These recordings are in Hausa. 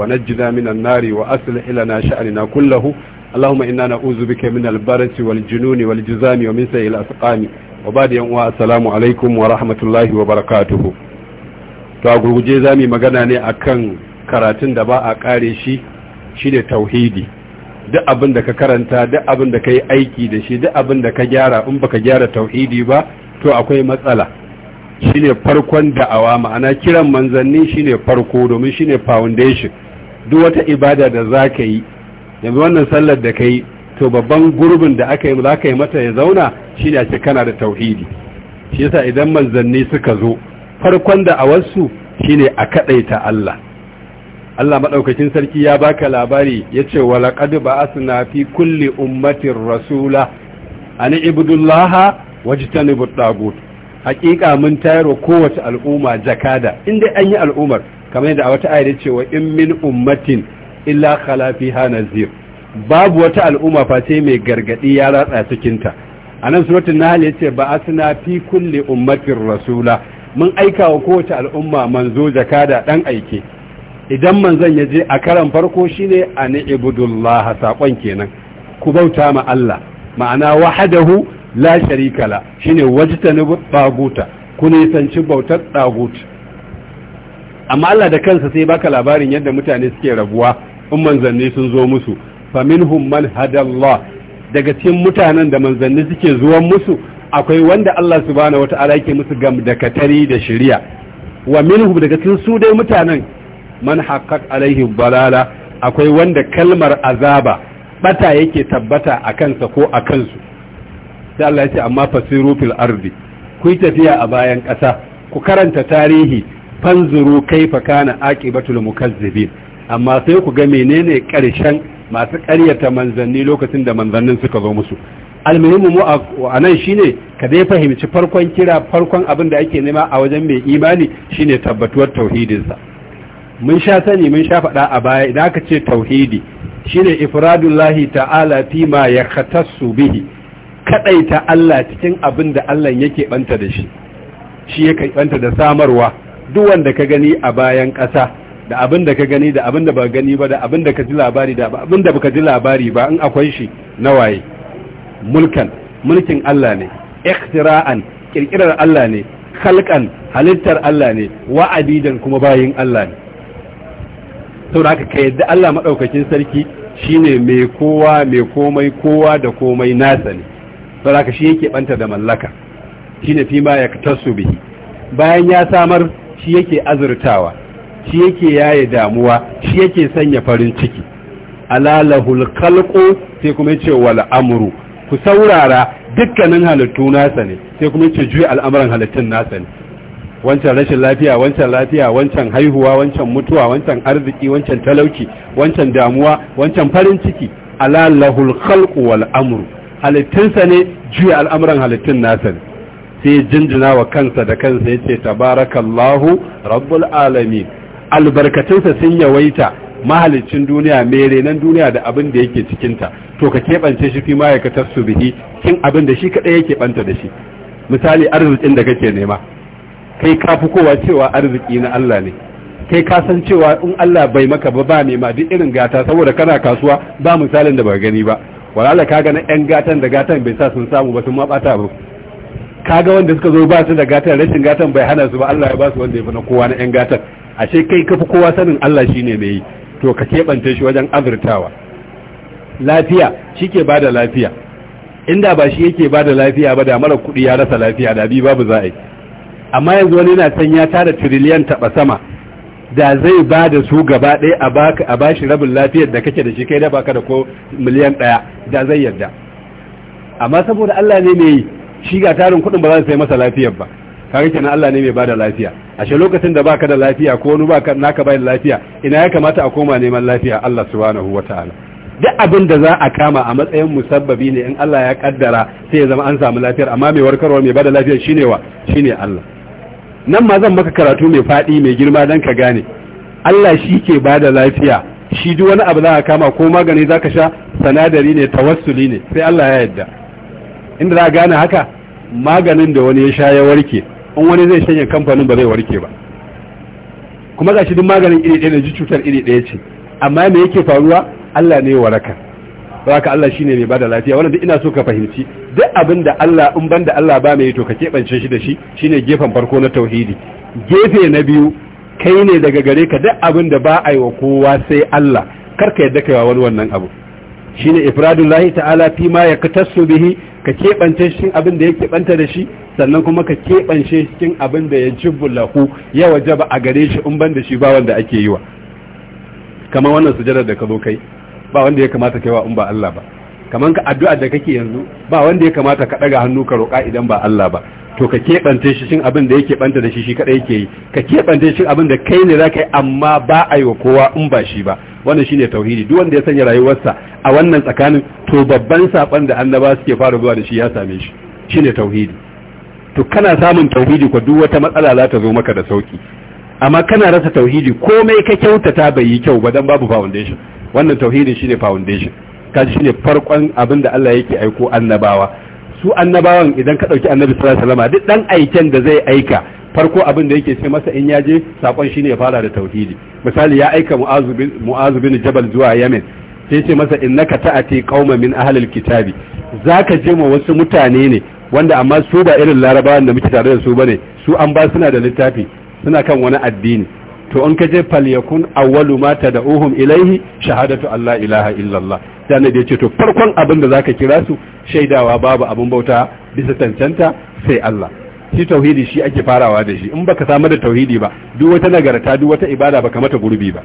ونجنا من النار وأصلح لنا شأننا كله اللهم إنا نعوذ بك من البرس والجنون والجزام ومن سيء الأسقام وبعد يوم السلام عليكم ورحمة الله وبركاته gurguje za mu magana ne akan karatun da ba a kare shi shine tauhidi duk abin da ka karanta duk abin da ka aiki da shi duk abin da ka gyara in baka gyara tauhidi ba to akwai matsala shine farkon da'awa ma'ana kiran manzanni shine farko domin shine foundation duk wata ibada da za ka yi yanzu wannan sallar da ka yi to babban gurbin da aka yi za ka yi mata ya zauna shi ne a ce kana da tauhidi shi yasa idan manzanni suka zo farkon da a wasu shi ne a kaɗaita Allah Allah maɗaukacin sarki ya baka labari ya ce wa laƙadu ba a fi kulle ummatin rasula a ni ibudullaha wajitani hakika mun tayar wa kowace al'umma jakada in dai an yi al'ummar kamar yadda a wata ayar cewa in min ummatin illa khala fiha nazir babu wata al'umma face mai gargadi ya ratsa cikin ta anan suratul nahl yace ba asna fi kulli ummatin rasula mun aika wa kowace al'umma manzo jakada dan aike idan manzon ya je a karan farko shine an ibudullah sakon kenan ku bauta ma Allah ma'ana wahadahu la sharika la shine wajtanibu taguta ku sanci bautar tagut amma Allah da kansa sai baka labarin yadda mutane suke rabuwa in manzanni sun zo musu fa minhum man hadallah daga cikin mutanen da manzanni suke zuwan musu akwai wanda Allah subhanahu wata'ala yake musu gam da katari da shari'a wa minhum daga cikin su dai mutanen man haqqat alaihi balala akwai wanda kalmar azaba bata yake tabbata a kansa ko a kansu sai Allah ya ce amma fasiru fil ardi ku tafiya a bayan ƙasa ku karanta tarihi fanzuru kaifa kana aqibatul mukazzibin amma sai ku ga menene ƙarshen masu ƙaryata manzanni lokacin da manzannin suka zo musu almuhimmu mu a nan shine ka dai fahimci farkon kira farkon abin da ake nema a wajen mai imani shine tabbatuwar tauhidinsa mun sha sani mun sha faɗa a baya idan aka ce tauhidi shine ifradullahi ta'ala fi ma yakhatassu bihi kadaita Allah cikin abin da Allah yake banta da shi shi yake banta da samarwa duk wanda ka gani a bayan ƙasa da abin da ka gani da abin da ba gani ba da abin da ka ji labari da abin da baka ji labari ba in akwai shi na waye mulkan mulkin Allah ne ikhtira'an ƙirƙirar Allah ne Halkan, halittar Allah ne wa'adidan kuma bayin Allah ne saboda haka ka yadda Allah maɗaukacin sarki shine mai kowa mai komai kowa da komai nasa ne saboda shi yake banta da mallaka shi ne fi ma ya su bihi bayan ya samar shi yake azurtawa shi yake yaye damuwa shi yake sanya farin ciki alalahul khalqu sai kuma yace wal amru ku saurara dukkanin halittu nasa ne sai kuma yace juya al'amuran halittun nasa ne wancan rashin lafiya wancan lafiya wancan haihuwa wancan mutuwa wancan arziki wancan talauci wancan damuwa wancan farin ciki alalahul khalqu wal amru halittunsa ne juya al'amuran halittun nasa ne sai jinjina wa kansa da kansa ya ce tabarakallahu rabbul alami albarkatunsa sun yawaita mahalicin duniya mai nan duniya da abin da yake cikinta to ka keɓance shi fi ma'aikatar su bihi kin abin da shi kaɗai yake ɓanta da shi misali arzikin da kake nema kai ka fi kowa cewa arziki na Allah ne kai ka san cewa in Allah bai maka ba ba nema ma duk irin gata saboda kana kasuwa ba misalin da ba gani ba walala kaga na yan gatan da gatan bai sa sun samu ba sun ma ba kaga wanda suka zo ba su da gatan rashin gatan bai hana su ba Allah ya ba su wanda ya fi na kowa na yan gatan ashe kai kafi kowa sanin Allah shine mai yi to ka keɓance shi wajen azurtawa lafiya shi ke ba da lafiya inda ba shi yake ba da lafiya ba da mara kuɗi ya rasa lafiya da bi babu za amma yanzu wani na san ya tara tiriliyan taɓa sama da zai ba da su gaba ɗaya a baka a rabin lafiyar da kake da shi kai da baka da ko miliyan ɗaya da zai yarda amma saboda Allah ne mai shi ga tarin kuɗin ba za su sai masa lafiyar ba kaga kenan Allah ne mai da lafiya a ashe lokacin da baka da lafiya ko wani baka naka bai lafiya ina ya kamata a koma neman lafiya Allah subhanahu wataala duk abin da za a kama a matsayin musabbabi ne in Allah ya kaddara sai ya zama an samu lafiyar amma mai warkarwa mai da lafiyar shine wa shine Allah nan ma zan maka karatu mai faɗi mai girma don ka gane Allah shi ke ba da lafiya shi duk wani abu za ka kama ko magani za ka sha sanadari ne tawassuli ne sai Allah ya yarda inda za gane haka maganin da wani ya sha ya warke in wani zai shanye kamfanin ba zai warke ba kuma ga shi duk maganin iri ɗaya da ji cutar iri ɗaya ce amma me yake faruwa Allah ne ya waraka haka Allah shine mai bada lafiya wannan duk ina so ka fahimci duk abinda Allah in ban Allah ba mai to ka keɓance shi da shi shine gefen farko na tauhidi gefe na biyu kai ne daga gare ka duk abinda ba a yi wa kowa sai Allah kar ka yadda kaiwa wani wannan abu shine ifradullahi ta'ala fi ma yaktasu bihi ka keɓance shi abin da ya keɓanta da shi sannan kuma ka keɓance cikin abinda ya jibbulahu ya wajaba a gare shi in ban shi ba wanda ake yi wa kamar wannan sujadar da ka zo kai ba wanda ya kamata kai wa in ba Allah ba kaman ka addu'a da kake yanzu ba wanda ya kamata ka daga hannu ka roƙa idan ba Allah ba to ka keɓance shi shin abin da yake banta da shi shi kadai yake yi ka keɓance shi abin da kai ne zaka yi amma ba a yi wa kowa in ba shi ba wannan shine tauhidi duk wanda ya sanya rayuwarsa a wannan tsakanin to babban saban da annaba suke fara zuwa da shi ya same shi shine tauhidi to kana samun tauhidi ko duk wata matsala za ta zo maka da sauki amma kana rasa tauhidi komai ka kyautata bai yi kyau ba dan babu foundation wannan tauhidi shine foundation kaji shine farkon abin da Allah yake aiko annabawa su annabawan idan ka dauki annabi sallallahu alaihi wasallam duk dan aiken da zai aika farko abin da yake ce masa in ya je sakon shine ya fara da tauhidi misali ya aika mu'azu bin mu'azu bin jabal zuwa yamen sai ce masa innaka ta'ati qauma min ahlil kitabi zaka je ma wasu mutane ne wanda amma su ba irin larabawan da muke tare da su bane su an ba suna da littafi suna kan wani addini to an ka je falyakun awwalu ma tad'uhum ilaihi shahadatu alla ilaha illallah dan da yace to farkon abin da zaka kira su shaidawa babu abin bauta bisa tantanta sai Allah shi tauhidi shi ake farawa da shi in baka samu da tauhidi ba duk wata nagarta duk wata ibada baka mata gurbi ba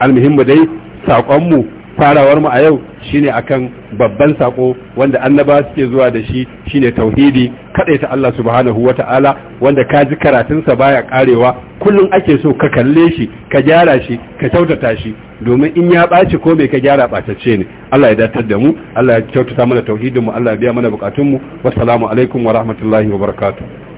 almuhimmu dai sakon mu farawar mu a yau shine akan babban sako wanda annaba suke zuwa da shi shine tauhidi ta Allah subhanahu wata'ala wanda ka ji karatunsa baya karewa kullum ake so ka kalle shi ka gyara shi ka kyautata shi domin in ya ɓaci ko mai ka gyara ɓatacce ne Allah ya datar da mu Allah ya kyautata mana tauhidin mu Allah ya biya mana bukatun mu wassalamu alaikum wa rahmatullahi wa barakatuh